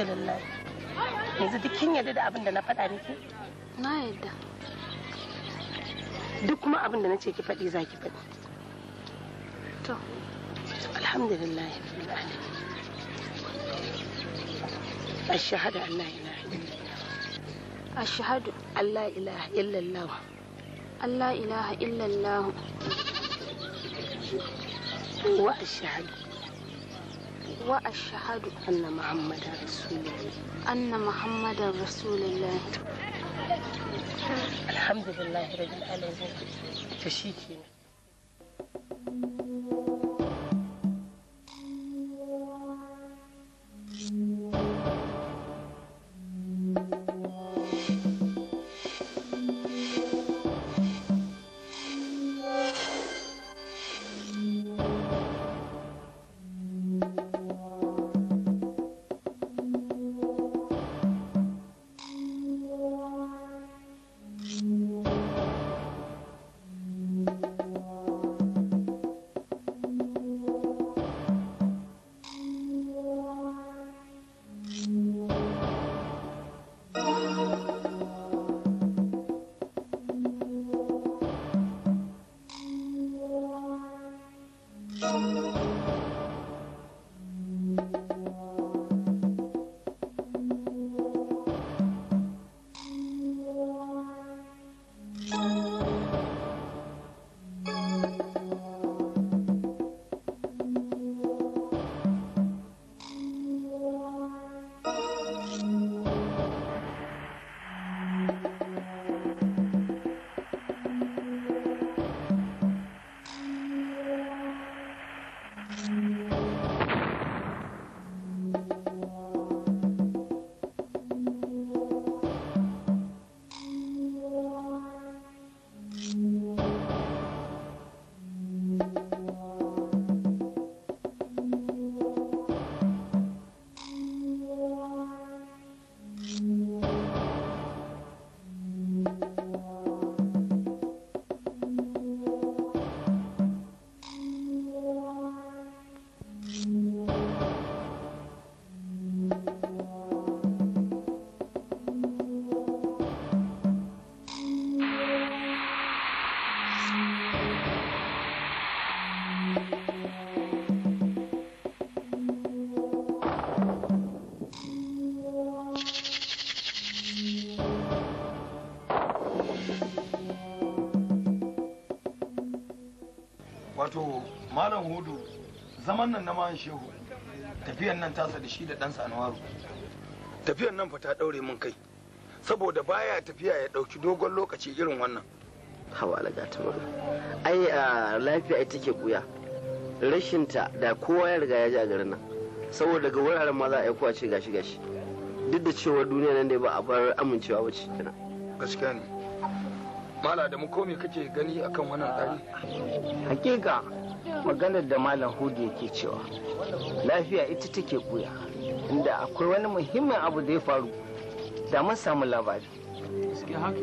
alhamdulillah yanzu duk kin yarda da abin da na faɗa miki na yarda duk kuma abin da na ce ki faɗi za ki faɗi to alhamdulillah ilaha illallah ilaha illallah ilaha illallah wa وأشهد أن محمد رسول الله أن محمد رسول الله الحمد لله رب العالمين تشيكي malam hudu zaman nan na mahan shehu tafiyan nan tasa da shi da ɗansa anwaru tafiyan nan fa ta ɗaure min kai saboda baya tafiya ya ɗauki dogon lokaci irin wannan hawa alaga ta ai a lafiya ita ke kuya rashinta da kowa ya riga ya ji a garin nan saboda ga wuraren ma za a yi ce gashi gashi duk da cewa duniya nan dai ba a bar amincewa ba ce kina gaskiya ne mala da mu kome kake gani akan wannan tsari hakika maganar da malam hudu yake cewa lafiya ita take buya inda akwai wani muhimmin abu da ya faru da mun samu labari gaskiya haka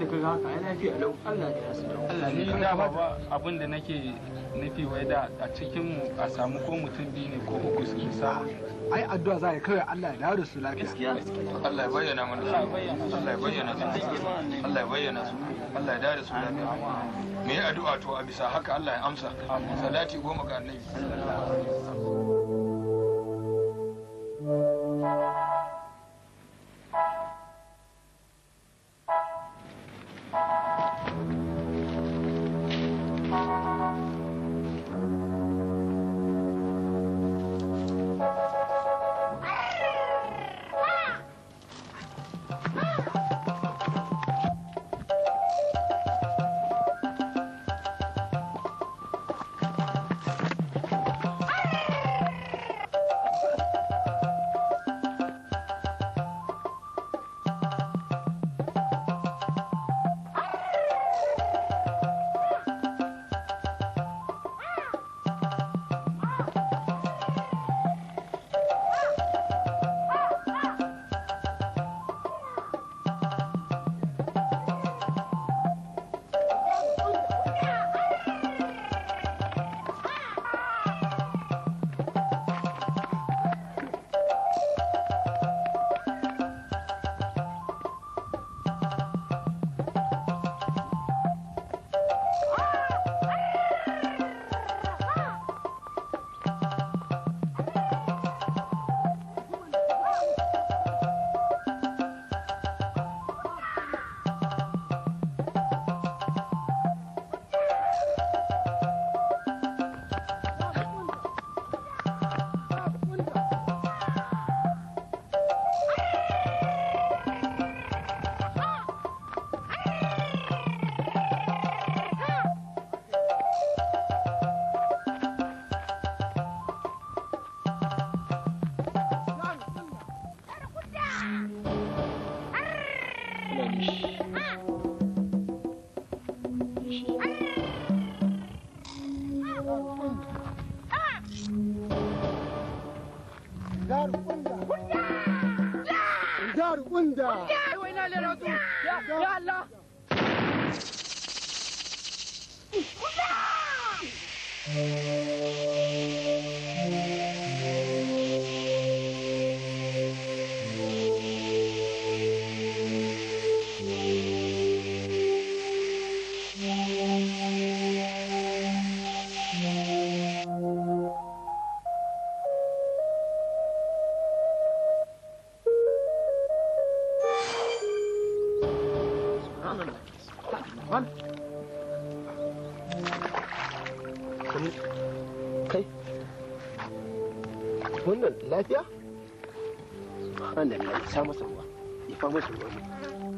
da kaga haka ai lafiya lau Allah ya sa Allah ne ya ba abin da nake nufi wai da a cikin mu a samu ko mutum biyu ne ko uku su sa ai addu'a za a kawai Allah ya dawo da su lafiya gaskiya Allah ya bayyana mana Allah ya bayyana Allah ya bayyana Allah ya bayyana su Allah ya dawo da su lafiya mu yi addu'a to a bisa haka Allah ya amsa salati goma ga annabi out window. lafiya? Allah ya sa masa ruwa, ya fa masa ruwa.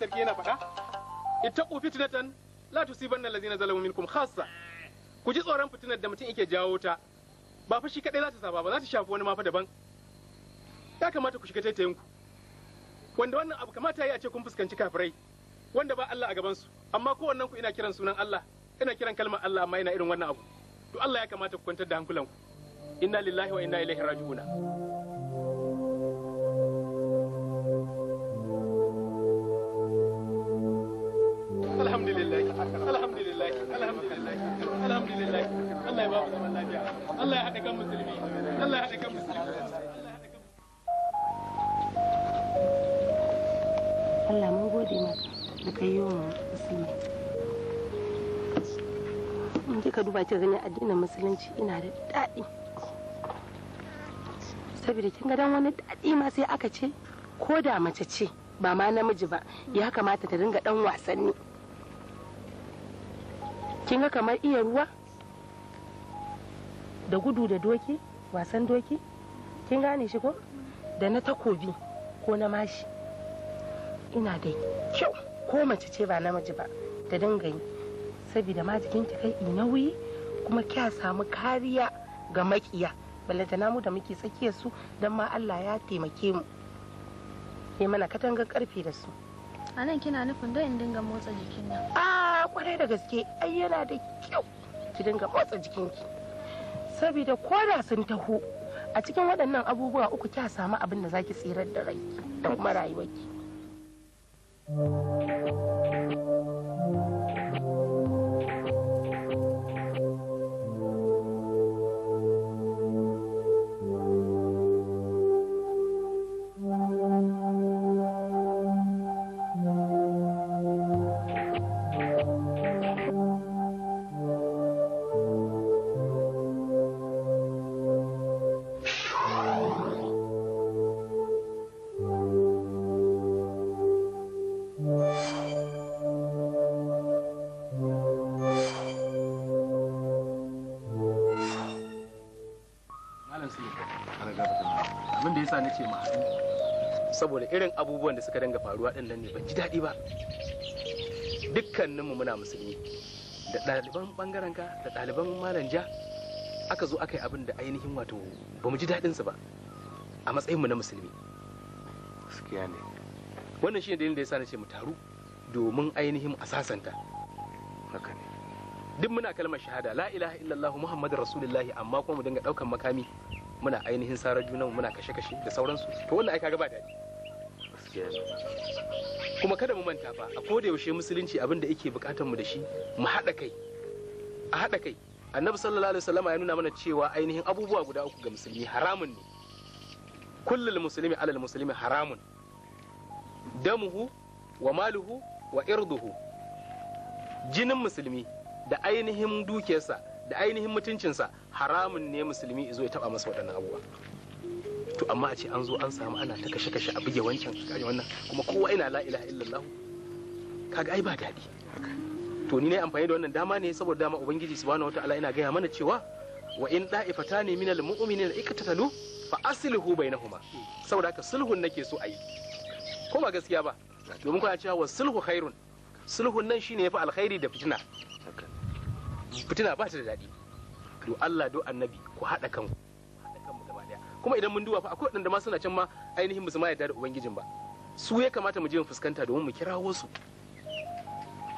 mai sarki yana faɗa ittaqu fitnatan la tusibanna allazina zalamu minkum khassa ku ji tsoron fitinar da mutum yake jawo ta ba fa shi kadai za ta saba ba za ta shafi wani ma fa daban ya kamata ku shiga taitayin ku wanda wannan abu kamata yi a ce kun fuskanci kafirai wanda ba Allah a gaban su amma kowannen ku ina kiran sunan Allah ina kiran kalmar Allah amma ina irin wannan abu to Allah ya kamata ku kwantar da hankulanku inna lillahi wa inna ilaihi raji'una ki gani addinin musulunci ina da daɗi saboda kin ga dan wani daɗi ma sai aka ce ko da mace ce ba ma namiji ba ya kamata ta dinga dan wasanni kin ga kamar iya ruwa da gudu da doki wasan doki kin gane shi ko da na takobi ko na mashi ina da kyau ko mace ce ba namiji ba ta dinga yi saboda ma jikinki kai ina wuyi kuma kya samu kariya ga makiya balantana mu da muke tsakiyar su don ma Allah ya taimake mu ya mana katangar karfe da su a nan kina nufin don in dinga motsa jikin nan a kwarai da gaske ai yana da kyau ki dinga motsa jikinki saboda koda sun taho a cikin waɗannan abubuwa uku kya samu abin da zaki tsirar da rai da kuma rayuwarki. ce mu saboda irin abubuwan da suka dinga faruwa ɗin nan ne ban ji daɗi ba dukkaninmu muna musulmi da ɗaliban ɓangaren ka da ɗaliban malam ja aka zo aka yi abin da ainihin wato ba mu ji su ba a matsayinmu na musulmi gaskiya ne wannan shi ne dalilin da ya sa na ce mu taru domin ainihin a sasanta haka ne duk muna kalmar shahada la ilaha illallah muhammadur rasulullahi amma kuma mu dinga daukan makami muna ainihin sarar junan muna kashe-kashe da sauransu to wannan ai kaga ba daɗi kuma kada mu manta fa a koda yaushe musulunci abin da yake bukatar mu da shi mu haɗa kai a haɗa kai annabi sallallahu alaihi wasallama ya nuna mana cewa ainihin abubuwa guda uku ga musulmi haramun ne kullul muslimi alal muslimi haramun damuhu wa maluhu wa irduhu jinin musulmi da ainihin dukiyarsa da ainihin mutuncinsa haramun ne musulmi izo ya taba masa waɗannan abubuwa to amma a ce an zo an samu ana ta kashe kashe a buge wancan kaje wannan kuma kowa ina la ilaha illallah kaga ai ba daɗi to ni ne amfani da wannan dama ne saboda dama ubangiji subhanahu wataala ina gaya mana cewa wa in da'ifatani minal mu'minina ikatatalu fa aslihu bainahuma saboda haka sulhun nake so a ko ba gaskiya ba domin kuna cewa wa sulhu khairun sulhun nan shine yafi alkhairi da fitina fitina ba ta da daɗi do Allah do annabi ku haɗa kanku haɗa kanmu gaba ɗaya kuma idan mun duba fa akwai waɗanda ma suna can ma ainihin musu ma yarda da ubangijin ba su ya kamata mu je mu fuskanta domin mu kirawo su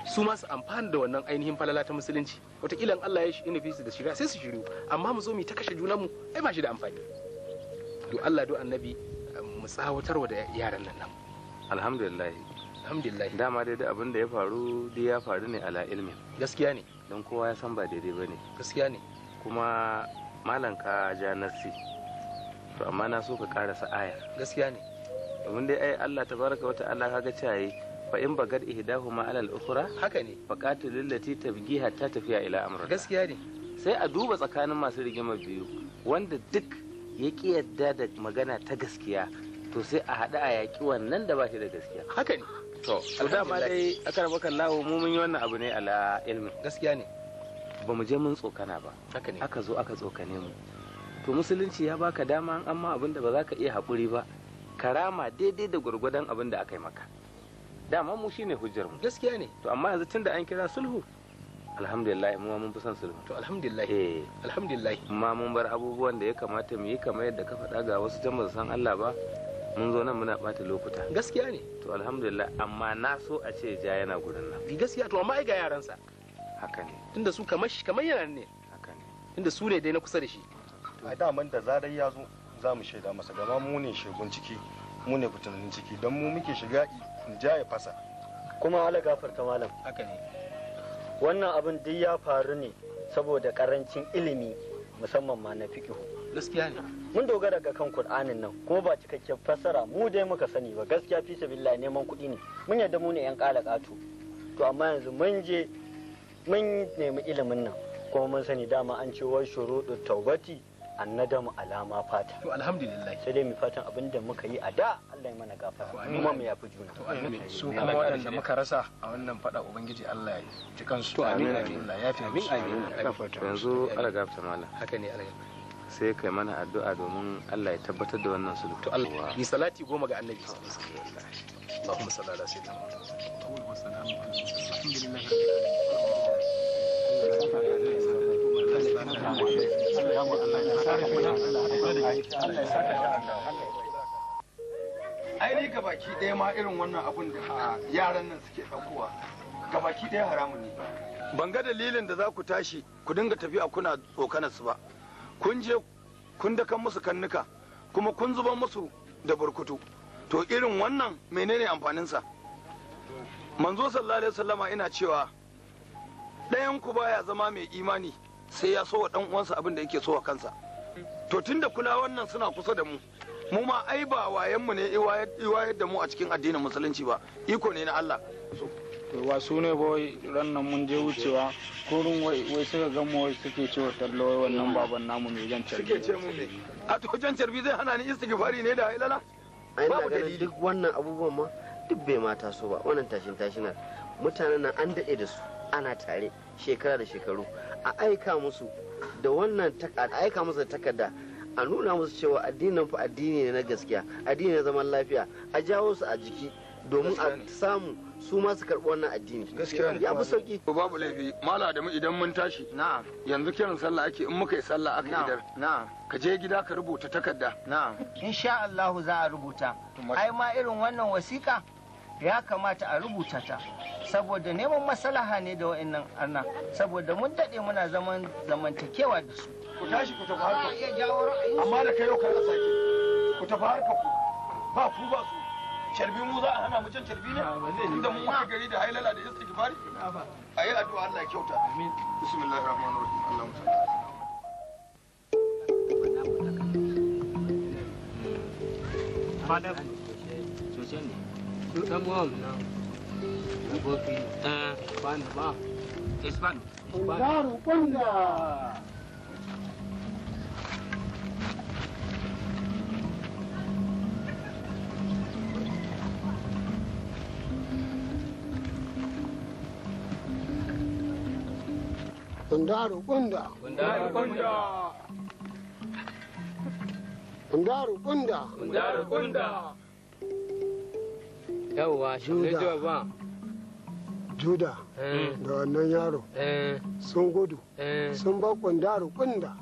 su ma su amfana da wannan ainihin falala ta musulunci wataƙila in Allah ya shi inufi su da shirya sai su shiru amma mu zo mu ta kashe junanmu ai ba shi da amfani do Allah do annabi mu tsawatarwa da yaran nan nan alhamdulillah alhamdulillah dama dai abin da ya faru dai ya faru ne ala ilmin gaskiya ne don kowa ya san ba daidai ba ne gaskiya ne kuma malam ka ja to amma na so ka karasa aya gaskiya ne domin dai ai Allah tabaraka wa ta'ala kaga cewa fa in bagar ihidahu ma alal ukhra haka ne fa qatilul lati tabghi hatta tafiya ila amr gaskiya ne sai a duba tsakanin masu rigima biyu wanda duk ya ki yadda da magana ta gaskiya to sai a haɗu a yaki wannan da ba shi da gaskiya haka ne to dama dai akar baka lawo mu mun yi wannan abu ne ala ilmi gaskiya ne ba mu je mun tsokana ba haka ne aka zo aka tsokane mu to musulunci ya baka dama an amma abin da ba za ka iya haƙuri ba karama daidai da gwargwadon abin da aka yi maka dama mu shine hujjar mu gaskiya ne to amma yanzu tunda an kira sulhu alhamdulillah mu mun fi son sulhu to alhamdulillah eh alhamdulillah ma mun bar abubuwan da ya kamata mu yi kamar yadda ka faɗa ga wasu jama'a san Allah ba mun zo nan muna bata lokuta gaskiya ne to alhamdulillah amma na so a ce ja yana gurin nan gaskiya to amma ai ga yaransa haka ne tunda su kamar shi kamar yana ne haka ne tunda su ne dai na kusa da shi a daman da zarar ya zo za mu shaida masa gama mu ne shegun ciki mu ne fitinin ciki don mu muke shiga ja ya fasa kuma ala ta malam haka ne wannan abin duk ya faru ne saboda karancin ilimi musamman ma na fiƙihu gaskiya ne mun dogara ga kan Kur'anin nan kuma ba cikakken fassara mu dai muka sani ba gaskiya fi sabilillah neman kuɗi ne mun yadda mu ne yan kalakatu to amma yanzu mun je mun nemi ilimin nan kuma mun sani dama an ce wai shuruɗu taubati annadamu alama fata to alhamdulillah sai dai mu fatan abinda muka yi a da Allah ya mana gafara kuma mu yafi juna to amin su kuma waɗanda muka rasa a wannan fada ubangiji Allah ya ji kansu to amin amin Allah ya fi amin amin yanzu Allah gafara mallam haka ne Allah sai kai mana addu'a domin Allah ya tabbatar da wannan sulhu to Allah yi salati goma ga annabi sallallahu alaihi ala sayyidina aini ga baki ɗaya ma irin wannan abun da yaran nan suke ɗaukowa ga baki ɗaya haramun ne ban ga dalilin da za ku tashi ku dinga tafiya kuna tsokanar su ba kun je kun da kan musu kannuka kuma kun zuba musu da burkutu to irin wannan menene sa. manzo sallallahu alaihi wasallama ina cewa ɗayan ku baya zama mai imani sai ya sowa ɗan uwansa abin da yake sowa kansa to tunda kula wannan suna kusa da mu mu ma ai ba wayanmu ne iwayar da mu a cikin addinin musulunci ba iko ne na Allah to su ne wai ran nan mun je wucewa kurin wai suka ga mu suke cewa tallo wai wannan baban namu mai jan carbi suke ce mun ne a to jan carbi zai hana ni istighfari ne da ilala babu dalili duk wannan abubuwan ma duk bai mata so ba wannan tashin tashinar mutanen nan an daɗe da su ana tare shekara da shekaru a aika musu da wannan a aika musu da takarda a nuna musu cewa addinin fa addini ne na gaskiya addini na zaman lafiya a jawo su a jiki domin a samu su ma su karɓi wannan addini gaskiya ya fi sauki babu laifi mala da mu idan mun tashi na'am yanzu kiran sallah ake in muka yi sallah aka idar na'am ka je gida ka rubuta takarda na'am insha Allah za a rubuta ai ma irin wannan wasiƙa ya kamata a rubuta ta saboda neman maslaha ne da wa'annan arna saboda mun dade muna zaman zamantakewa da su ku tashi ku tafi harka amma da kai yau ka a sake ku tafi harka ku ba ku ba su carbi mu za a hana mu can carbi ne inda mu wani gari da hailala da istighfari a yi addu'a Allah kyauta amin bismillahir rahmanir rahim Allah mutaka Father, to send you. Come home now. You go to uh, Ban Ban. It's Ban. kundaru kunda kundaru kunda kundaru kunda kundaru kunda yawwa shi ne ba juda eh. da wannan yaro eh. sun gudu eh. sun ba kundaru kunda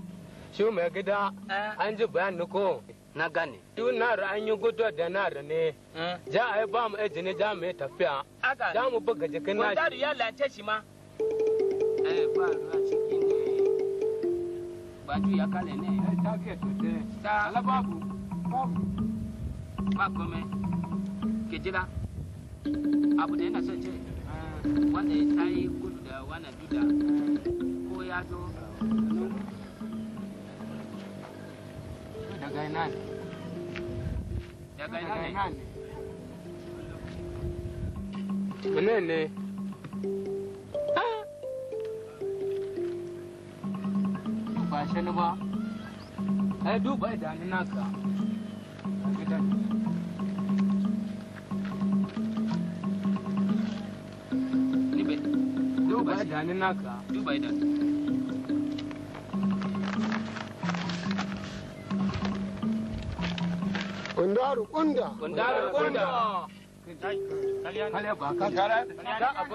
shi mai gida an ji bayan ko na gane. Tun na an yi gudu da na ne. Ja a yi ba mu ejini ja mu yi tafiya. Aka. Ja mu buga jikin na. Kundaru ya lance shi ma. gbàdúrà sí kí ni gbájú yakalẹ̀ ta alábàbò tashe ni ba ai duba idanun naka a gidan duba idanun naka duba idanun Kundaru kunda. Kundaru kunda. Kale ba abu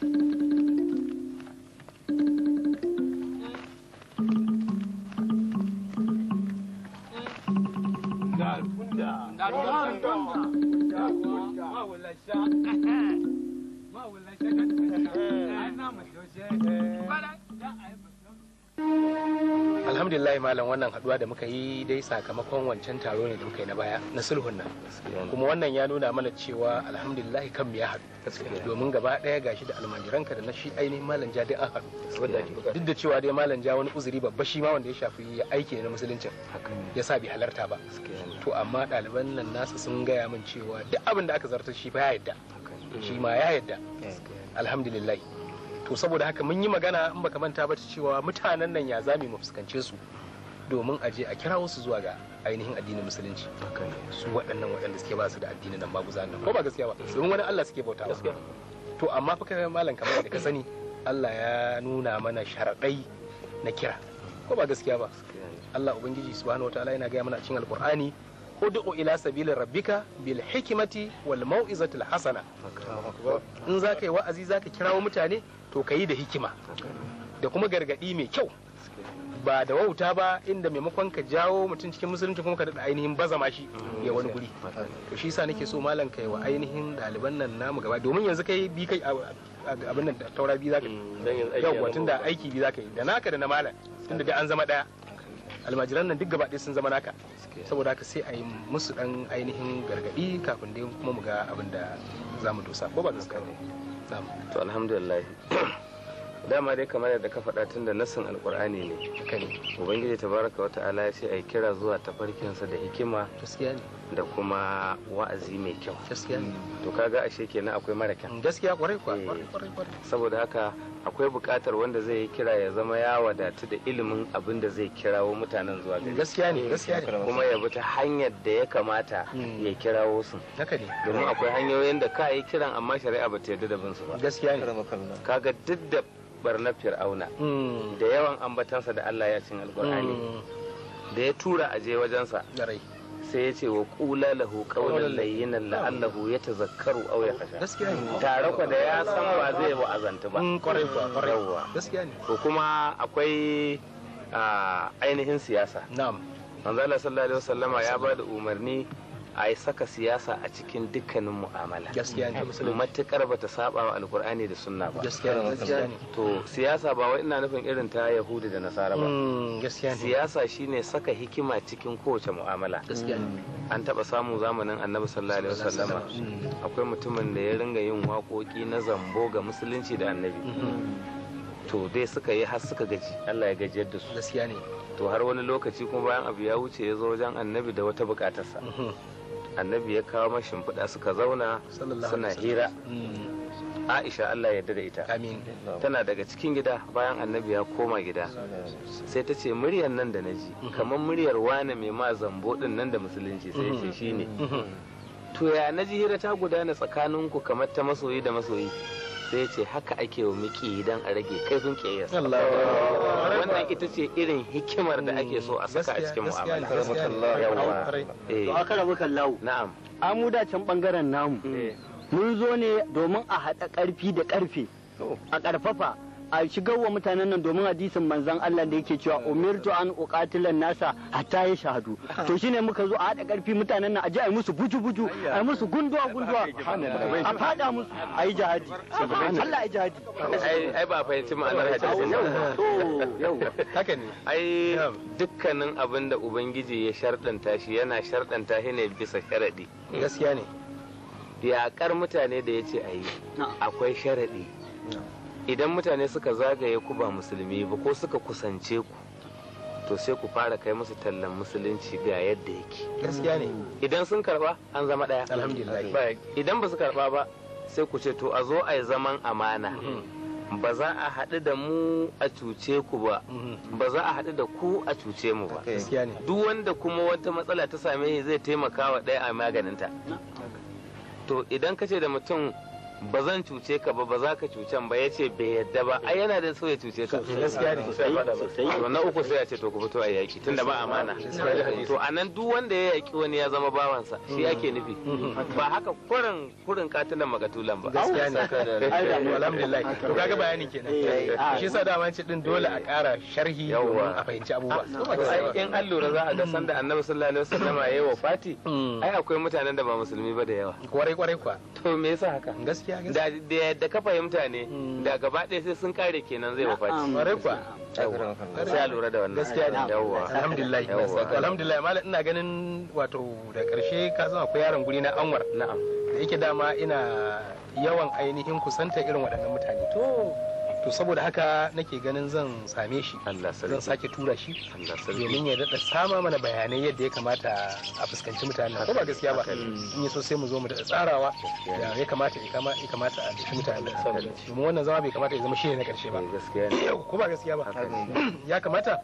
ما ولا alhamdulillah malam wannan haduwa da muka yi dai sakamakon wancan taro ne da muka yi na baya na sulhun nan kuma wannan ya nuna mana cewa alhamdulillah kan mu ya haɗu domin gaba ɗaya gashi da almajiranka da na shi ainihin malam ja dai an haɗu duk da cewa dai malam ja wani uzuri babba shi ma wanda ya shafi aiki na musuluncin ya sa bai halarta ba to amma ɗaliban nan nasa sun gaya min cewa duk abin da aka zartar shi ba ya yadda shi ma ya yadda alhamdulillah to saboda haka mun yi magana in baka manta ba cewa mutanen nan ya zami mu fuskance su domin a je a kirawo su zuwa ga ainihin addinin musulunci su waɗannan waɗanda suke ba su da addinin nan maguza nan ko ba gaskiya ba domin wani Allah suke bautawa to amma fa kai malam kamar da ka sani Allah ya nuna mana sharadai na kira ko ba gaskiya ba Allah ubangiji subhanahu wataala yana gaya mana a cikin alqur'ani ud'u ila sabili rabbika bil hikmati wal mau'izati al hasana in zaka yi wa'azi zaka kirawo mutane to ka yi da hikima da kuma gargaɗi mai kyau ba da wauta ba inda maimakon ka jawo mutum cikin musulunci kuma ka daɗa ainihin bazama shi ya wani guri to shi sa nake so malam kai wa ainihin ɗaliban nan namu gaba domin yanzu kai bi kai abin nan taura bi zaka mm, yau watan da aiki bi zaka yi da naka da na malam tun da an zama ɗaya almajiran nan duk gaba ɗaya sun zama naka saboda haka sai a yi musu ɗan ainihin gargaɗi kafin dai kuma mu ga abin da za mu dosa ko ba gaskiya ne to alhamdulillah dama dai kamar yadda ka faɗa tun da nassin alkur'ani ne ubangiji tabaraka wata ala ce a kira zuwa tafarkinsa da hikima da kuma wa'azi mai kyau to kaga ashe kenan akwai mara kyan gaskiya kwarai kwarai eh. saboda haka akwai bukatar wanda zai yi kira ya zama ya wadatu da ilimin abin da zai kirawo mutanen zuwa gari gaskiya ne gaskiya ne kuma ya bi ta hanyar da ya kamata hmm. ya kirawo su haka domin akwai hanyoyin da ka yi kiran amma shari'a ba ta yarda da bin su ba gaskiya ne kaga duk da barnar fir'auna hmm. da yawan ambatansa da Allah ya cin alkur'ani hmm. da ya tura a je wajensa sai ya ce wa kula lahu qawlan layyinan la'allahu ya ta zakaru a ne tare ku da ya san ba zai wa'azanta ba mm, kwarai ba kwarai gaskiya ko kuma akwai ah, ainihin siyasa na'am manzo sallallahu alaihi wasallama ya ba da umarni a yi saka siyasa a cikin dukkanin mu'amala matuƙar ba matukar bata saba wa alkur'ani da sunna ba to siyasa ba wai ina nufin irin ta yahudi da nasara ba hmm, siyasa shine saka hikima cikin kowace mu'amala an taba samu zamanin annabi sallallahu alaihi wasallama hmm. akwai mutumin da ya ringa yin waƙoƙi na zambo ga musulunci da annabi hmm. to dai suka yi har suka gaji Allah ya gajiyar da su to har wani lokaci kuma bayan abu ya wuce ya zo wajen annabi da wata bukatarsa annabi ya kawo mashi shimfiɗa suka zauna suna hira mm. aisha allah yarda da ita tana daga cikin gida bayan annabi ya koma gida sai ta ce muryar nan da naji mm-hmm. kamar muryar wane mai ma zambo din nan da musulunci sai ce mm-hmm. shi ne mm-hmm. to ya na hira ta gudana tsakaninku kamar ta masoyi da masoyi sai ce haka ake wa miki dan a rage kaifin kiyayyarsa wannan ita ce irin hikimar da ake so a saka a cikin mu'amala eh. to aka rabu na'am amu bangaren namu eh. mun zo ne domin a haɗa ƙarfi da ƙarfe oh. a ƙarfafa a shigar wa mutanen nan domin hadisin manzan Allah da yake cewa umirtu an uqatilan nasa hatta ya shahadu to shine muka zo a hada karfi mutanen nan a ji a musu buju buju a musu gunduwa gunduwa a fada musu a yi jihadi Allah ya jihadi ai ba fahimci ma'anar hadisin yau haka ne ai dukkanin abin da ubangiji ya shardanta shi yana shardanta shi ne bisa sharadi gaskiya ne yakar mutane da ya ce a yi akwai sharadi idan mutane suka zagaye ku ba musulmi ba ko suka kusance ku to sai ku fara kai musu tallan musulunci ga yadda yake gaskiya ne idan sun karba an zama daya alhamdulillah idan ba su karba ba sai ku ce to a zo a yi zaman amana mm-hmm. ba za a haɗu da mu a cuce ku ba mm-hmm. ba za a haɗu da ku a cuce mu ba duk wanda kuma wata matsala ta same shi zai taimaka wa ɗaya a maganinta to idan ka da mutum ba zan cuce ka ba ba za ka cucen ba ya ce bai yadda ba ai yana da so ya cuce ka gaskiya ne to na uku sai ya ce to ku fito a yaki tunda ba amana to anan duk wanda ya yaki wani ya zama bawansa shi ake nufi ba haka kurin kurin katilan magatulan ba gaskiya ne alhamdulillah to kaga bayanin kenan eh, ah. shi yasa dama ce din dole a ƙara sharhi a fahimci abubuwa in an lura za a ga sanda annabi sallallahu alaihi wasallam ya yi wa fati hmm. ai akwai mutanen da ba musulmi ba da yawa kwarai kwarai kwa to me yasa haka gaskiya da da ka fahimta ne hmm. da gaba ɗaya sai sun kare kenan zai wafaci ƙwarai kuwa sai a lura da wannan gaskiya ne alhamdulillah alhamdulillah malam ina ganin wato da ƙarshe ka san akwai yaron guri na anwar na'am da yake dama ina yawan ainihin kusanta irin waɗannan mutane to to saboda haka nake ganin zan same shi zan sake tura shi domin ya daɗa sama mana bayanai yadda ya kamata a fuskanci mutane ko ba gaskiya ba in so sai mu zo mu daɗa tsarawa da ya kamata ya kamata a dashi mutane domin wannan zama bai kamata ya zama shi eh, ne na karshe ba ko ba gaskiya ba ya kamata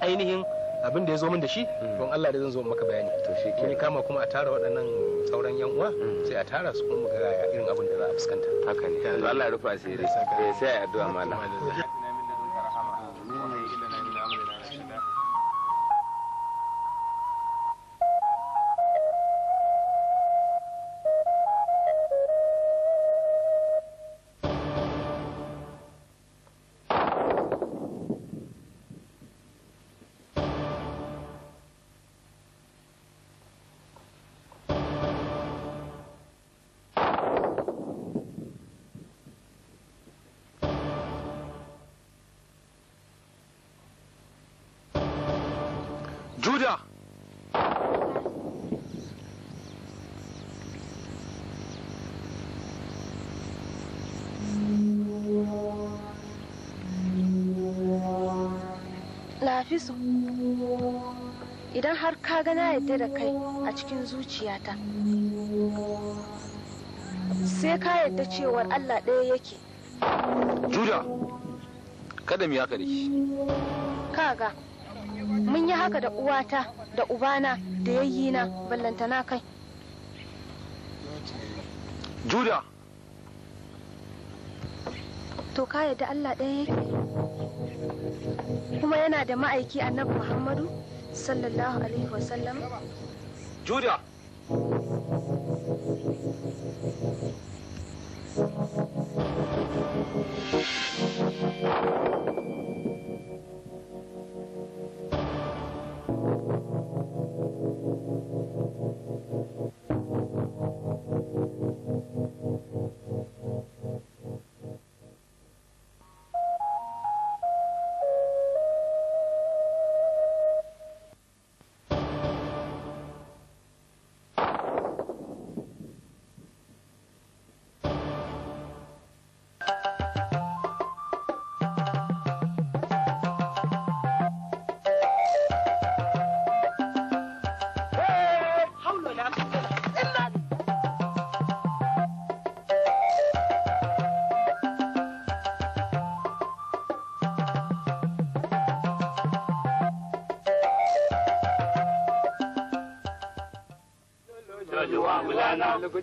ainihin abin da ya zo min da shi don Allah da zan zo maka bayani to shi ke kama kuma a tara waɗannan sauran yan uwa mm. sai a tara su kuma ga irin abin da za a fuskanta haka ne to Allah ya rufa asiri sai eh, sai addu'a malam Juda! Lafisu, idan har ka gana yadda da kai a cikin zuciyata, sai ka yadda cewar Allah ɗaya yake. Juda, kada mu yaka da ki. Kaga. mun yi haka da uwata da ubana da yayyina ballantana kai juda to ka yadda allah ɗaya yake kuma yana da ma'aiki annabi muhammadu sallallahu alaihi wasallam juda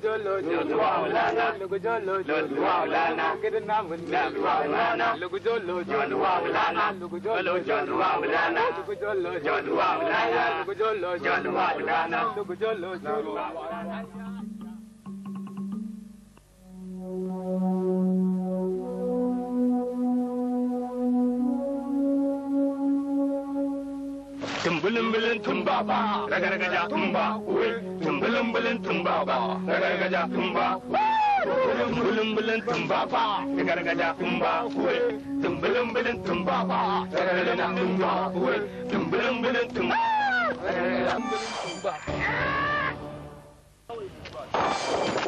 Look at your tumbalin tumba ba ragargaja tumba wai tumbalin tumba ba ragargaja tumba tumbalin tumba ba ragargaja tumba wai tumbalin tumba ba ragargaja tumba wai tumbalin tumba ragargaja tumba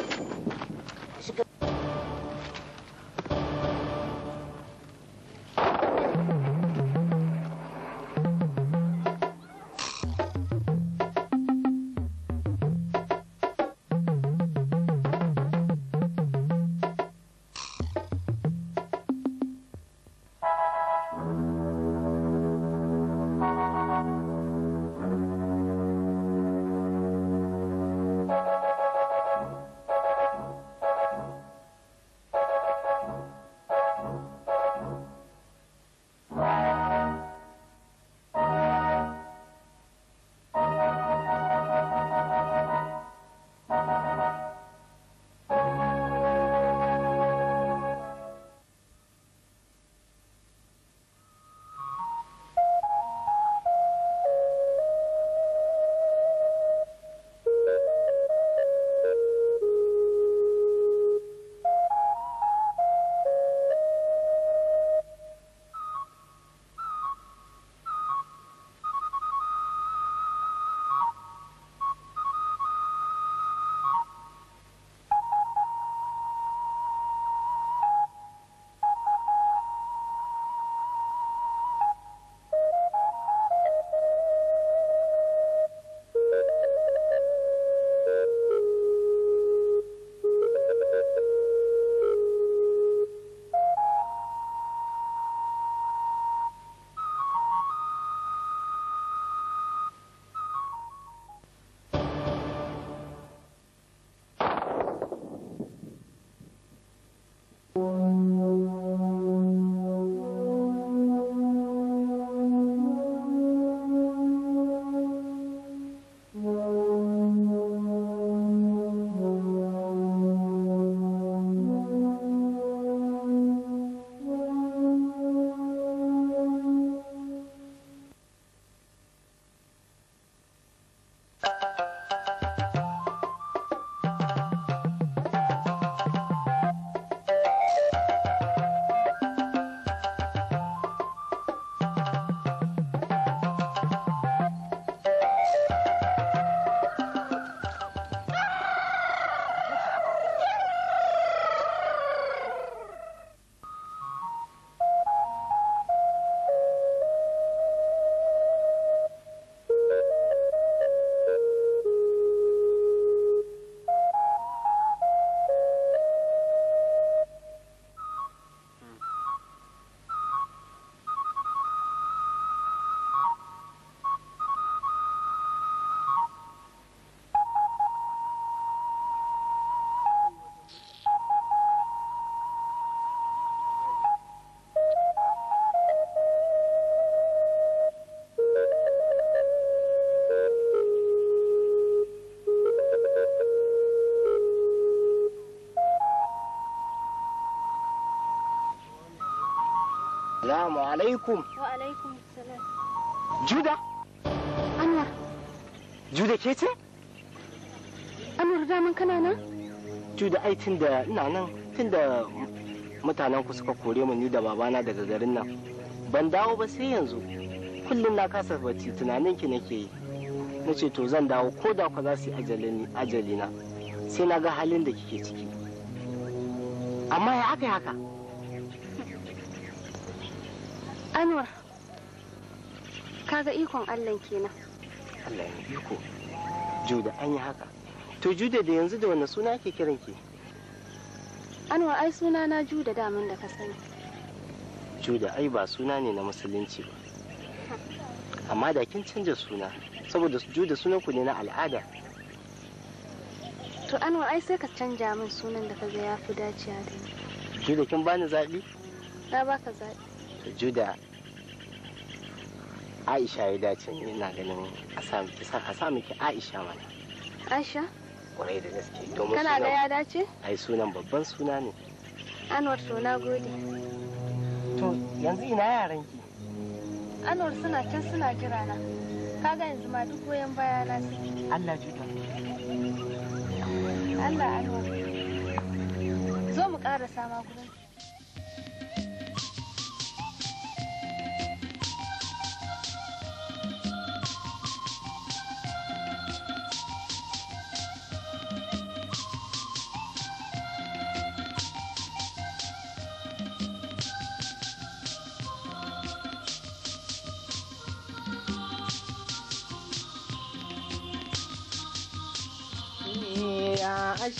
assalamu alaikum wa alaikum juda anwar juda ke ce anwar daman kana nan juda ai tun ina nan tunda mutanen ku suka kore mu ni da babana daga garin nan ban dawo ba sai yanzu kullum na kasa bacci tunanin ki nake yi na ce to zan dawo ko da ku za su yi ajali na sai na ga halin da kike ciki amma ya aka yi haka Anwar, kaga ikon Allah kenan. Allah ya iko. Juda an yi haka. To Juda da yanzu da wanne suna ake kiran ki? Anwar ai suna na Juda mun da ka sani. Juda ai ba suna ne na musulunci ba. Amma da kin canja suna saboda Juda sunan ku ne na al'ada. To Anwar ai sai ka canja min sunan da kaga ya fi dacewa da ni. Juda kin bani zaɓi? Na baka zaɓi. To Juda aisha ya dace ni ina ganin a sa miki aisha mana aisha kwarai da gaske domin kana ga ya dace ai sunan babban suna ne anwar to na gode to yanzu ina yaran ki anwar suna can suna jira na kaga yanzu ma duk goyon baya na su Allah juta Allah anwar zo mu ƙara sama gurin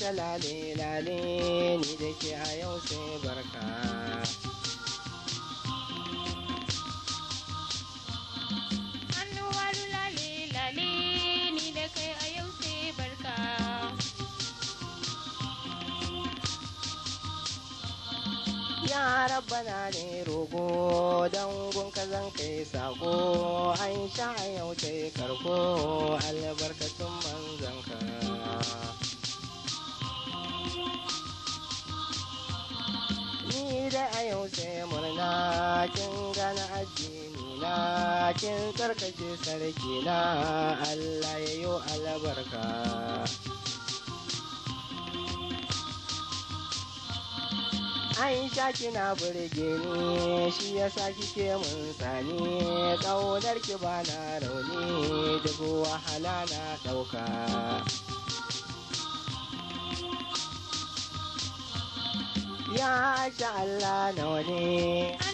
da lale da ke a yau sai barka a yau ya rabbana ne rogo dangon ka zan kai sako an sha yau sai karko albarkatun manzanka da a yau sai murna kin gana addini na kin sarkace sarki na Allah ya yi albarka. Aisha kina burge ni shi yasa kike mun sani ƙaunar ki bana rauni duk wahala na ɗauka. ya sha Allah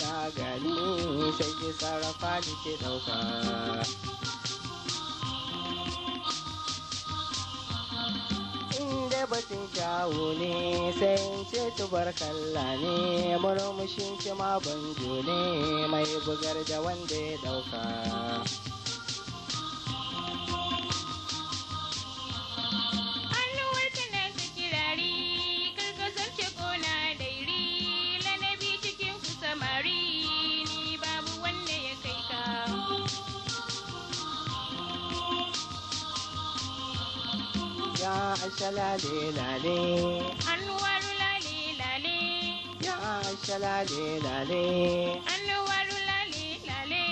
na gani sai ki sarrafa ni ki ɗauka. Inda batun kyawu ne sai in ce kalla ne murmushin ki ma banjo ne mai bugar da wanda ya ɗauka. shalale lale anwaru lale lale ya shalale lale anwaru lale lale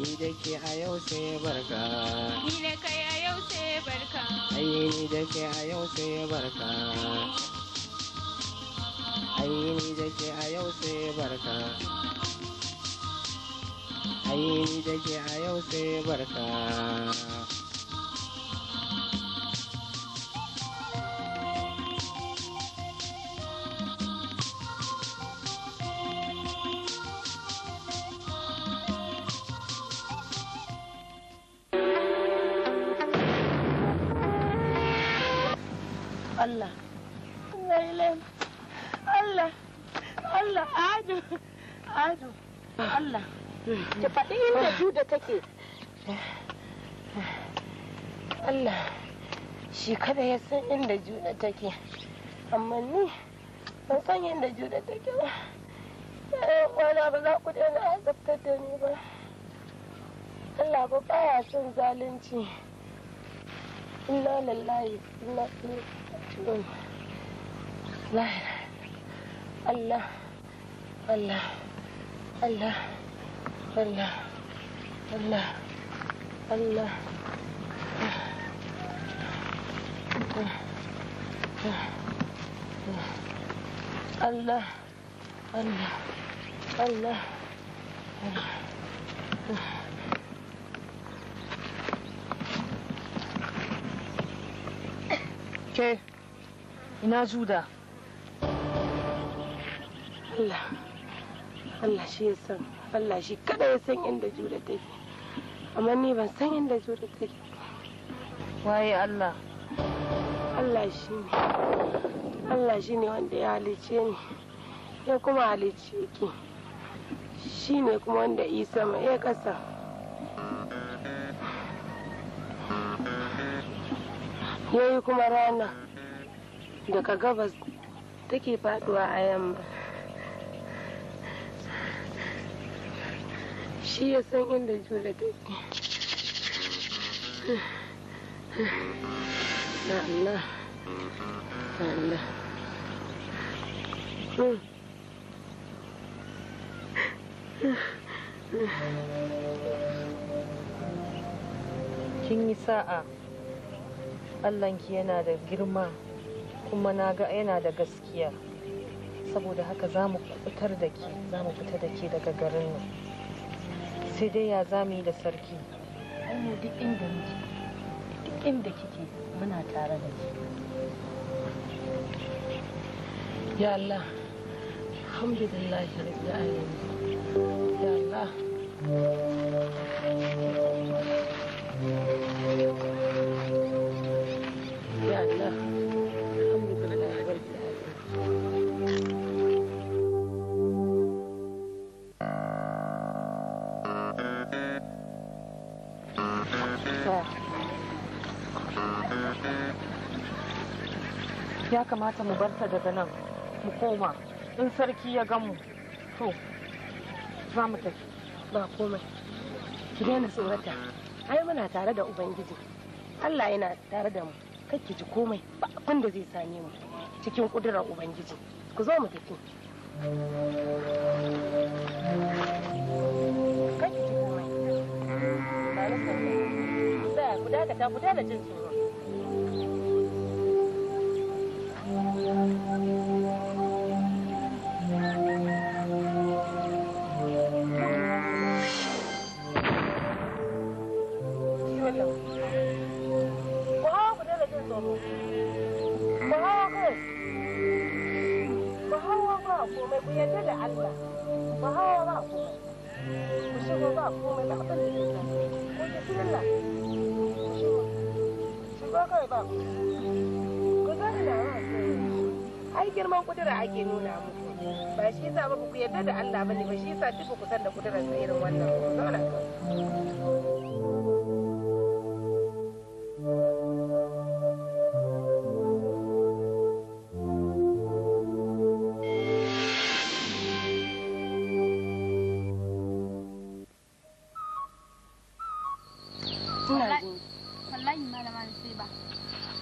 ni da ke a yau sai barka ni da kai a yau sai barka Ayi ni da ke a yau sai barka Ayi ni da ke a yau sai barka Ayi ni da ke a yau sai barka Allah Allah Allah ado ado Allah faɗi inda juda take Allah shi kada ya san inda juda take amma ni ban san inda juda take ba wala ba za ku daina azabtar da ni ba Allah ba baya son zalunci inna lillahi لا الله الله الله الله الله الله الله الله الله Okay. ina juda Allah Allah shi ya san Allah shi kada ya san inda juda take amma ni ban san inda juda take waye Allah Allah shi ne Allah shi ne wanda ya halice ni ya kuma halice ki shi ne kuma wanda isa ma ya kasa yayi kuma rana daga gabas take faduwa a yamma shi ya san inda jula take na Allah na Allah kin yi sa'a allanki yana da girma kuma na ga yana da gaskiya saboda haka za mu fitar da ke za mu fita da ke daga garin nan sai dai ya za mu yi da sarki mu duk inda muke duk inda kike muna tare da ke ya Allah alhamdulillah rabbil alamin ya Allah ya yeah. kamata mu barta daga nan mu koma in sarki ya gamu to za mu tafi ba komai ki daina tsorata ai muna tare da ubangiji Allah yana tare da mu kai ki ji komai ba abin da zai same mu cikin kudurar ubangiji ku zo mu tafi ki ji komai ku dakata ku daina jin tsoro Thank you. girman kudura ake nuna muku ba shi yasa ba ku yarda da Allah bane ba shi yasa duk ku san da kudura sa irin wannan zauna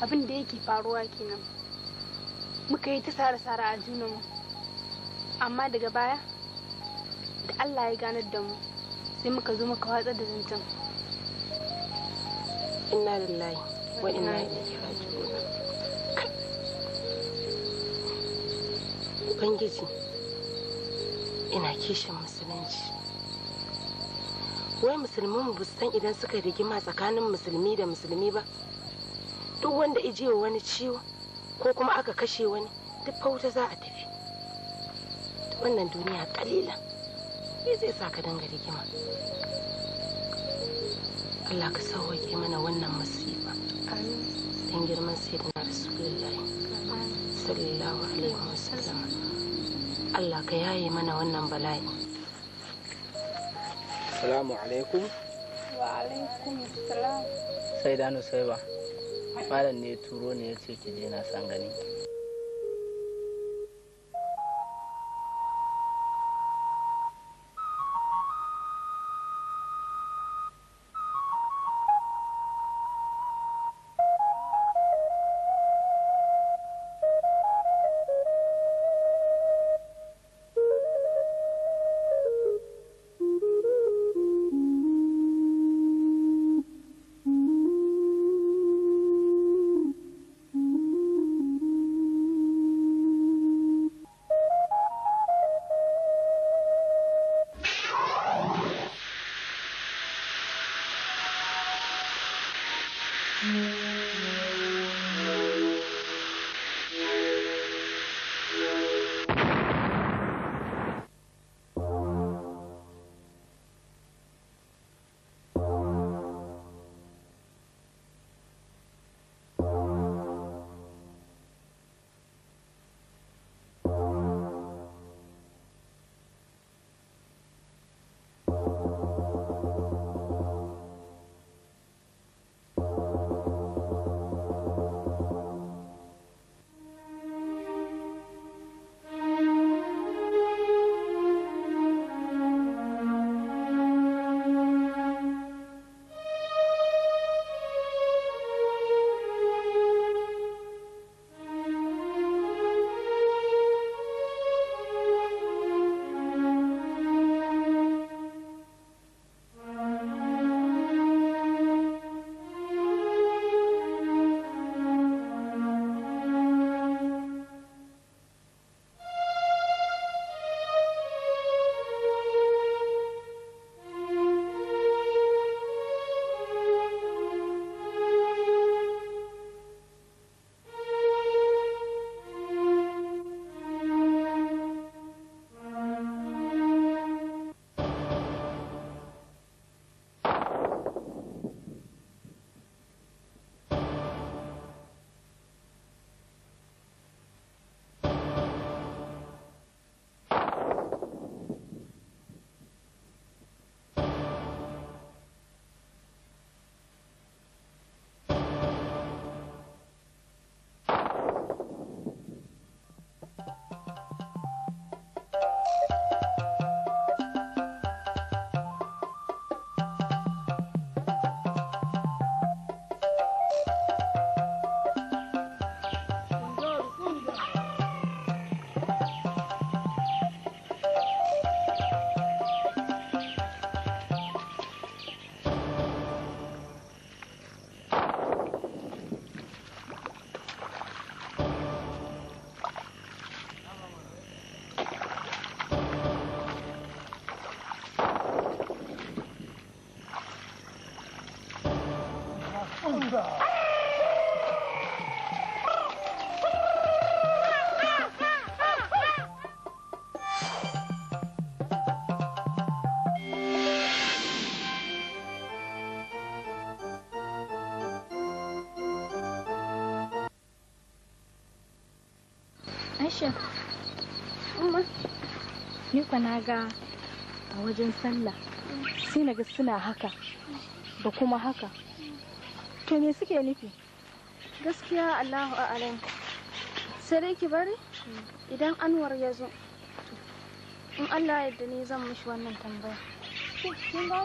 abin da yake faruwa kenan muka yi ta sara sara a mu amma daga baya da allah ya ganar da mu sai muka zo muka watsar da zancen inna lillahi wa inna ilaihi raji'un ubangiji ina kishin musulunci wai musulmin ba san idan suka rigima tsakanin musulmi da musulmi ba duk wanda ijewa wani ciwo ko kuma aka kashe wani duk wuta za a tafi wannan duniya kalilan me zai sa ka dinga rigima Allah ka sauwaƙe mana wannan masifa don girman sayyidina rasulullahi sallallahu alaihi wasallam Allah ka yaye mana wannan bala'i Assalamu alaikum wa alaikum assalam sai da nusaiba malam ne turo ne ya ce ki je na san gani shin amma ni kwa na ga a wajen sallah sai na ga suna haka da kuma haka. To me suke nufi? Gaskiya Allahu a'alam. Sai dai ki bari idan Anwar ya zo. In Allah yadda ni zan mishi wannan tambaya. Kin gano?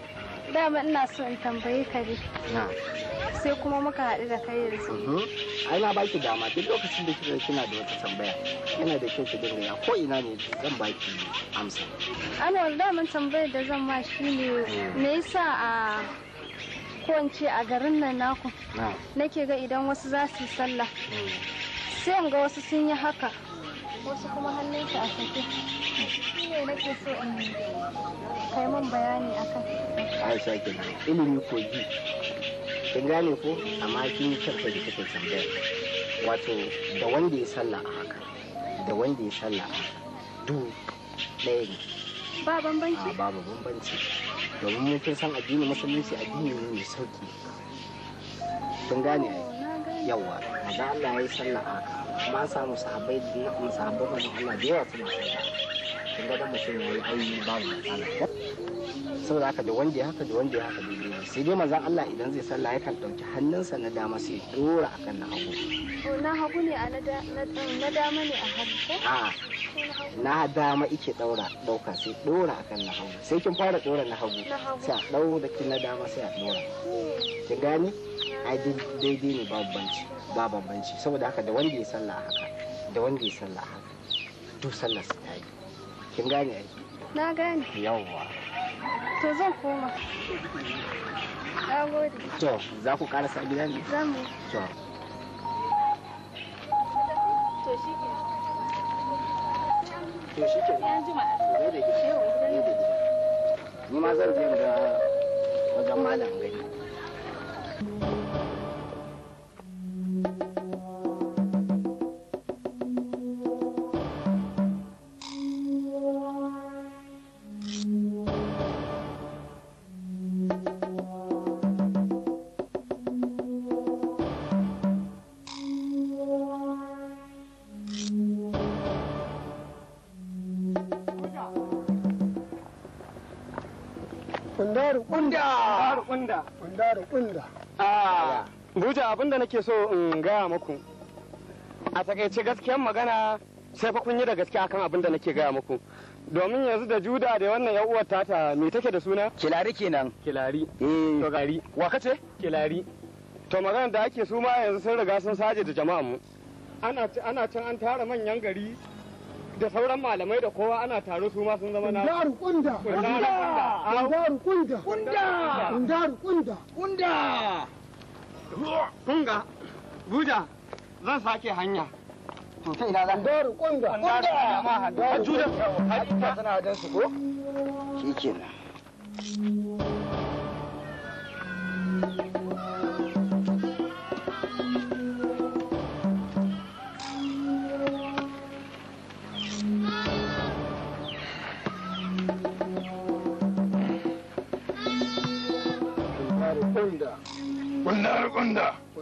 dama ina so in tambaye ka ne sai kuma muka haɗu da kai yanzu a ina baki dama duk lokacin da kika kina da wata tambaya yana da kyau ki dinga ya ko ina ne zan baki amsa ana daman tambayar da zan ma shine hmm. me yasa a kowance a garin nan naku nake ga idan wasu za su yi sallah hmm. sai ga wasu sun yi haka wasu kuma hannun shi a sake shi ne nake so in kai min bayani akan aisha ke ilimi ko ji kin gane ko amma kin kyauta da kike tambaya wato da wanda ya sallah a haka da wanda ya sallah a haka du ɗaya ne ba bambanci ah, ba bambanci domin mun kin san addini musulunci addini ne mai sauki kun gane oh, yawa da Allah ya yi sallah a haka ma samu sahabbai da sahabbai da Allah da yawa suna sallah kin ga dan mutum yayi aure babu matsala saboda haka da wanda ya haka da wanda ya haka daidai ne sai dai manzon Allah idan zai sallah yakan dauki hannunsa na dama sai dora akan na hagu na hagu ne a na dama ne a hagu a na dama ike daura dauka sai dora akan na hagu sai kin fara dora na hagu sai a daura kin na dama sai a dora hmm. kin gane ai daidai ne babu banci ba banci saboda haka da wanda ya sallah haka da wanda ya sallah haka to sallar kin gane ai na gane yawwa to zan koma na gode to za ku karasa gidan ne zan mu to to shi ke to shi ke ya jima a tsoro da ke ni ma zan je ga wajen malam sanda da buja abinda nake so in gaya muku a takaice gaskiyar magana sai fa kun yi da gaske akan abin da nake gaya muku domin yanzu da juda da wannan yan uwar tata me take da suna kilari kenan kilari eh. to wa kace kilari to magana da ake su ma yanzu sun riga sun saje da jama'a mu ana ana can an tara manyan gari da sauran malamai da kowa ana taro su ma sun zama na kundaru kunda kundaru kunda kundaru kunda kunda kunga buja zan sake hanya to sai ina zan kundaru kunda kunda ma hajjuda tana wajen su ko shikenan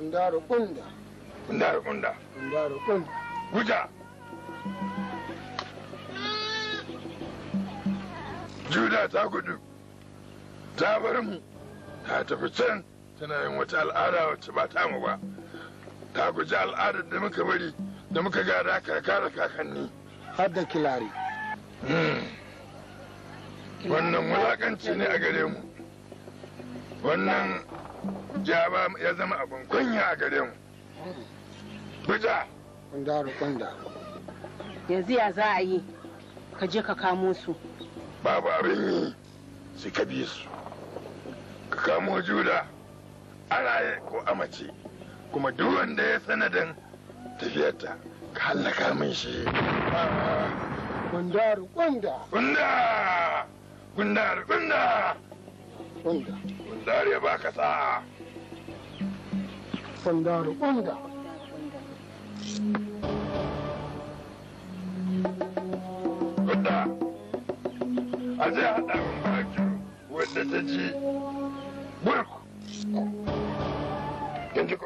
kundaru kunda kundaru kunda kundaru kunda guja juda ta gudu ta bar mu ta tafi can tana yin wata al'ada wacce ba ta mu ba ta guji al'adar da muka bari da muka gada kaka da kakanni har kilari hmm. wannan wulakanci ne a gare mu wannan ya zama abin kunya a gare mu Buja. Kundaru kunda. Yanzu ya za a yi, ka je ka kamo su. Babu abin yi, sai ka bi su. Ka kamo Juda, araye ko amace, kuma duk wanda ya sanadin tafiyarta, ka hallaka min shi. Kundaru kunda. Kunda! Kundaru kunda! Kunda. Kundaru ya baka sa'a. sanda da ƙwanda a zai haɗa min ta ko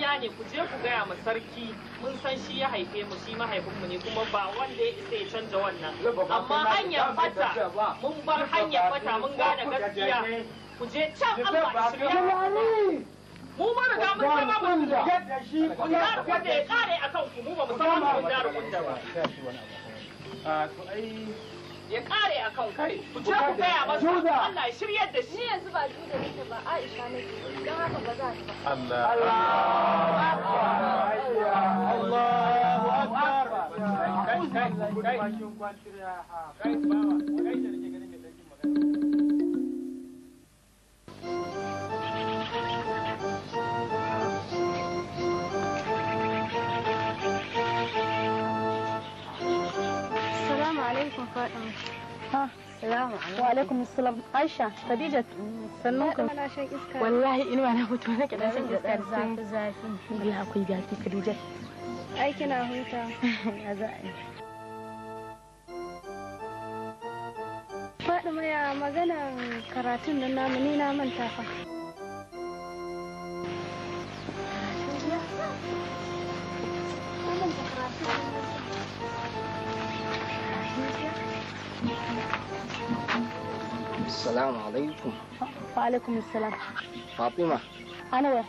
gaskiya ne ku je ku gaya ma sarki mun san shi ya haife mu shi mahaifinmu ne kuma ba wanda ya isa ya canja wannan amma hanyar fata mun bar hanyar fata mun gane gaskiya ku je can Allah shirya mu ma riga mun san ba mun da shi ku da ku da kare akan ku mu ba mu san wannan da rubunda ba ah, to ai ya kare a kan kai ku je ku gaya masa Allah ya shiryar da shi ni yanzu ba juda nake ba Aisha nake don haka ba za ta ba Allah Allah Allahu akbar kai kai ها آه. السلام عليكم وعليكم السلام عايشة خديجة فنوكم والله إني أنا كنت وأنا كده زعفي زعفي بالله أخوي خديجة أي كنا أخويتا Faɗima ya maganar karatun nan namu ni na manta Thank you. Assalamu alaikum. Wa alaikum assalam. Fatima. Anawar.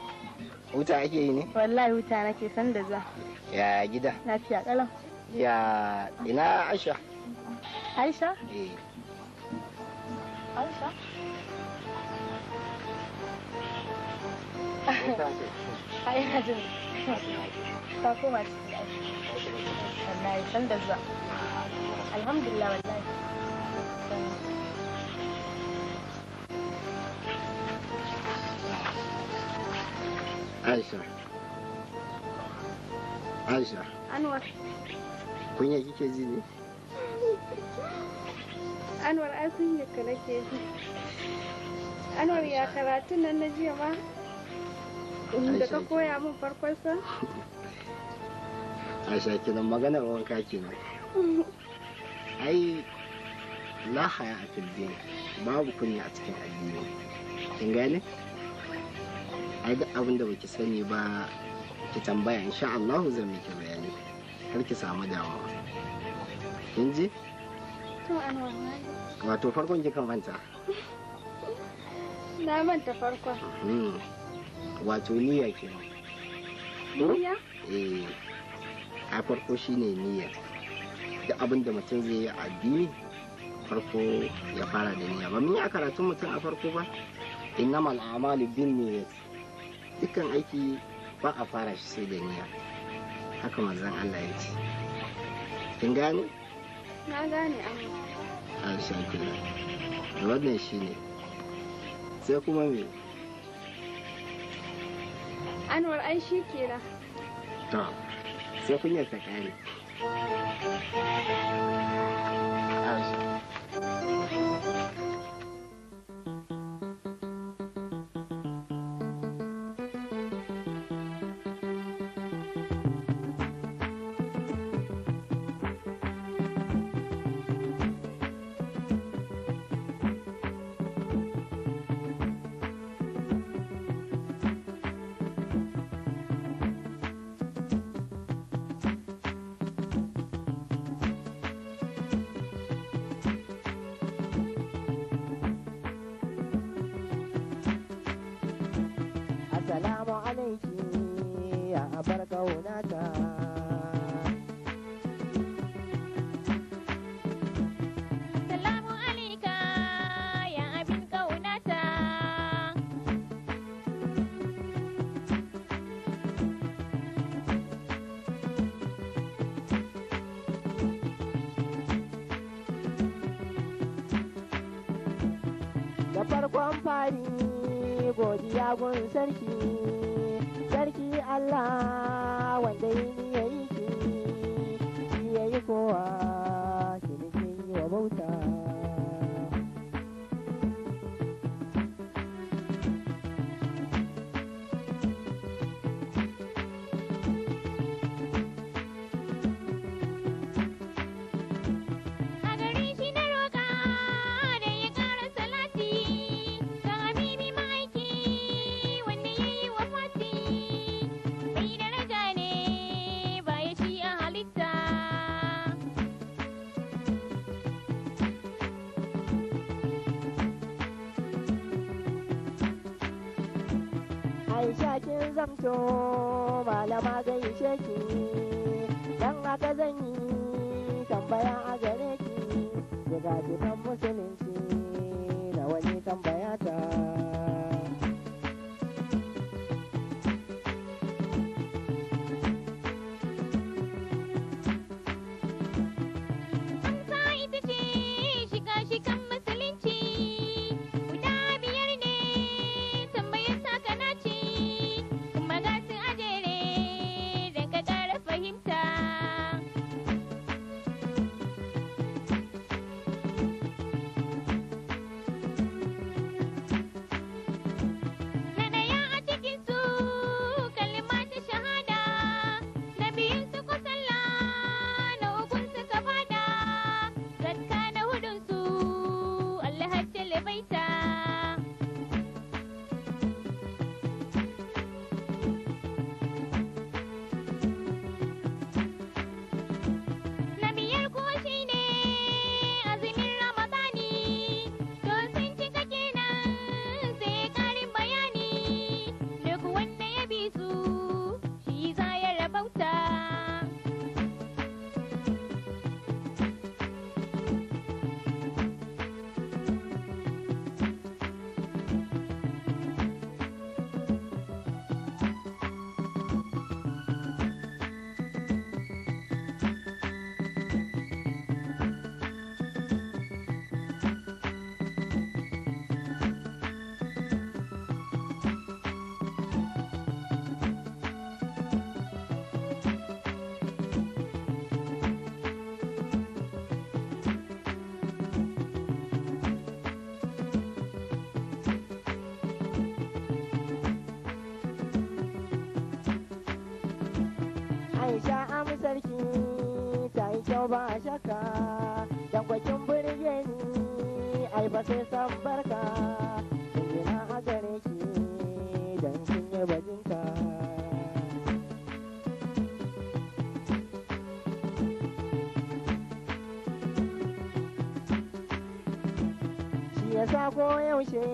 Huta ake yi ne? Wallahi huta nake san da za. Ya gida? Lafiya kalam. Ya ina Aisha? Aisha? Eh. Aisha? Ai ina jin. Ta koma ciki. Wallahi san da za. alhamdulillah wallahi Aisha Aisha Anwar kunya kike ji ne Anwar ai kunya ka nake ji Anwar ya karatu na jiya ma da ka koya min farkon sa Aisha wanka kenan ai la haya a fiddini babu kunya a cikin addini kin gane ai duk abin da baki sani ba ki tambaya insha Allah zan miki bayani har ki samu damuwa kin ji wato farkon ki kan manta na manta farkon hmm. wato niyya kenan niyya eh a farko shine niyya duk abin da mutum zai yi a addini farko ya fara da niyya ba mun yi a karatun mutum a farko ba innamal a'malu bin niyyat dukkan aiki ba a fara shi sai da niyya haka manzon Allah ya ce kin gane na gane amma Aisha kina wannan shine sai kuma me Anwar an shi kenan to sai kunyar ta kare Hoje. 我家温山。zamto malama yi ki dan haka zan yi tambaya a gare ba shaka dan kwakin birge ni ai ba sai san barka ina a gare ki dan kin yi bajinka shi yasa ko yaushe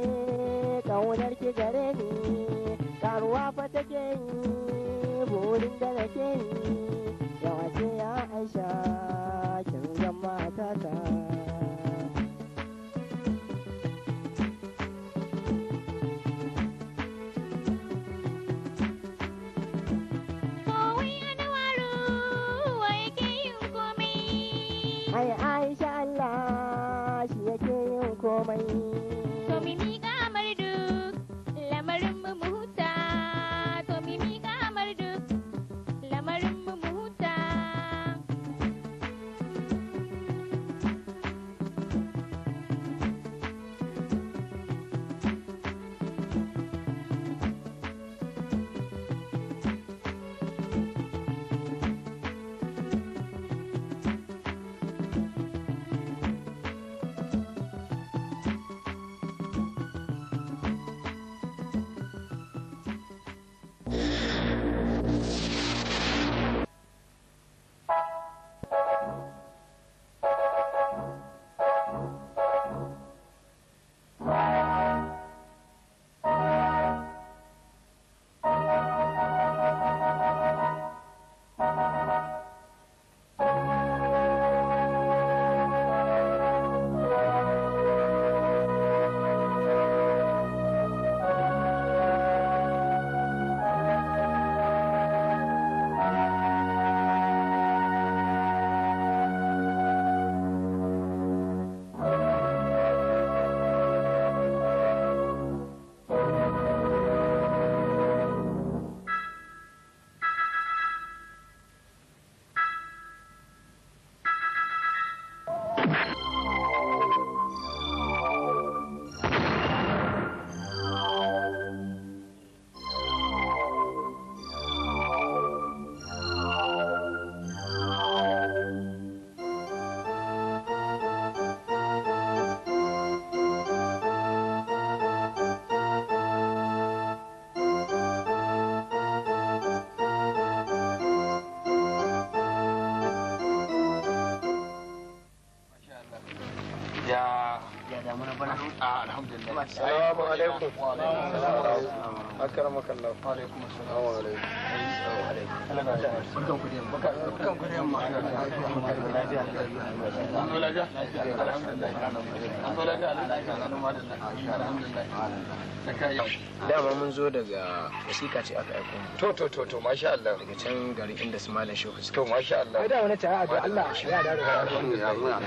dama mun zo daga wasiƙa ce aka aiko to to to to masha Allah daga can garin inda su malam shehu suke to masha Allah ai da wani ta'a ga Allah ya da ruwa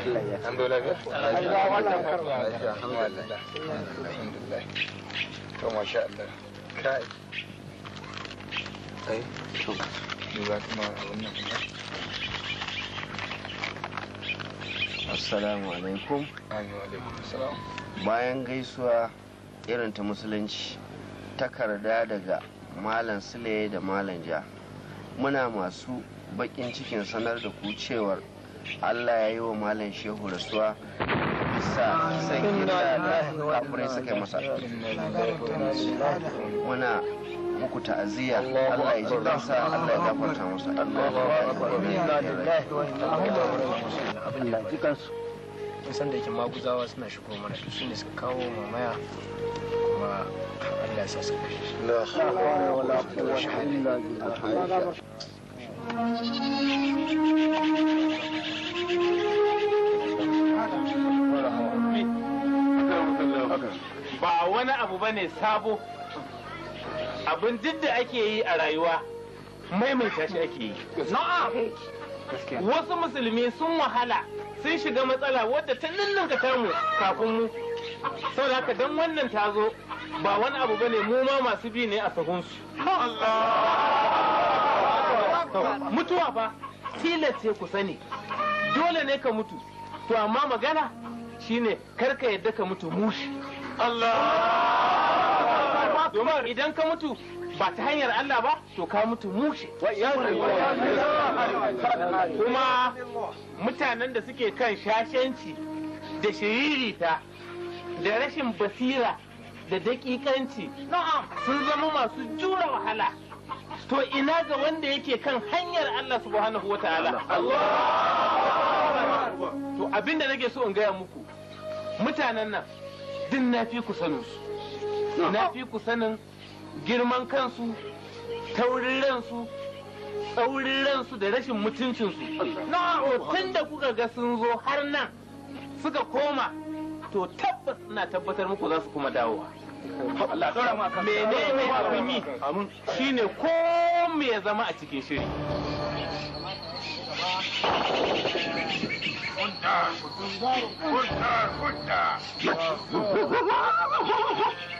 an dole ga Allah wallahi karba alhamdulillah alhamdulillah to masha Allah kai kai to duba kuma wannan assalamu alaikum bayan gaisuwa irin ta musulunci takarda daga malam sule da malam ja muna masu bakin cikin sanar da ku cewar allah ya yi wa malam shehu rasuwa bisa san da kafirai suka masa muna muku ta'aziyya Allah ya ji kansa Allah ya gafarta musu abin na ji kansu kin san da yake maguzawa suna shigo mana to shine suka kawo mamaya kuma Allah ya sa su kashe la hawla wala quwwata illa billah ba wani abu bane sabo abin duk da ake yi a rayuwa maimaita shi ake yi wasu musulmi sun wahala sun shiga matsala wadda ta lullunka mu kafin mu saboda haka don wannan ta zo ba wani abu ba ne mu ma masu bi ne a sahunsu mutuwa fa tilace ku sani dole ne ka mutu to amma magana shine karka yadda ka mutu mushi Allah idan ka mutu ba ta hanyar Allah ba to ka mutu mushe kuma mutanen da suke kan shashanci da shiririta da rashin basira da dakikanci sun zama masu jura wahala to ina ga wanda yake kan hanyar Allah subhanahu wa ta'ala to abinda nake so in gaya muku mutanen nan din na fi ku sanin su na fi ku sanin girman kansu taurin ransu taurin ransu da rashin mutuncinsu tun da kuka ga sun zo har nan suka koma to tabbas ina tabbatar muku za su kuma dawo. menene abin yi shine ko me ya zama a cikin shiri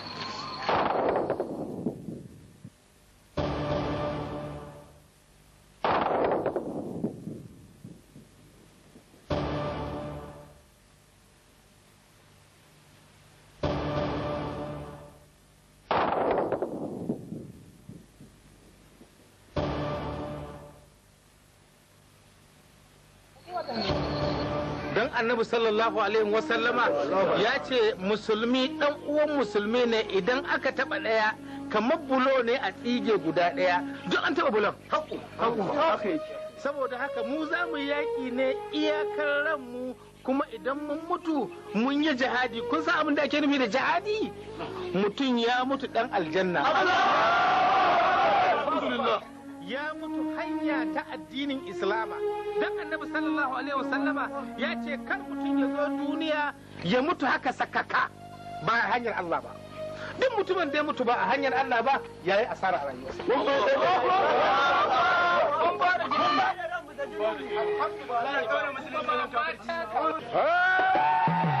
annabi sallallahu alaihi wasallama ya ce musulmi dan uwan musulmi ne idan aka taba daya kamar bulo ne a tsige guda daya duk an taba bulon saboda haka mu za mu yaƙi ne iyakar ranmu kuma idan mun mutu mun yi jihadi kun san abin da ake nufi da jihadi mutum ya mutu dan aljanna ya mutu hanya ta addinin islama dan annabi sallallahu alaihi wasallama ya ce kar mutum ya zo duniya ya mutu haka sakaka ba a hanyar Allah ba duk mutumin da ya mutu ba a hanyar Allah ba ya yi asara a rayuwarsa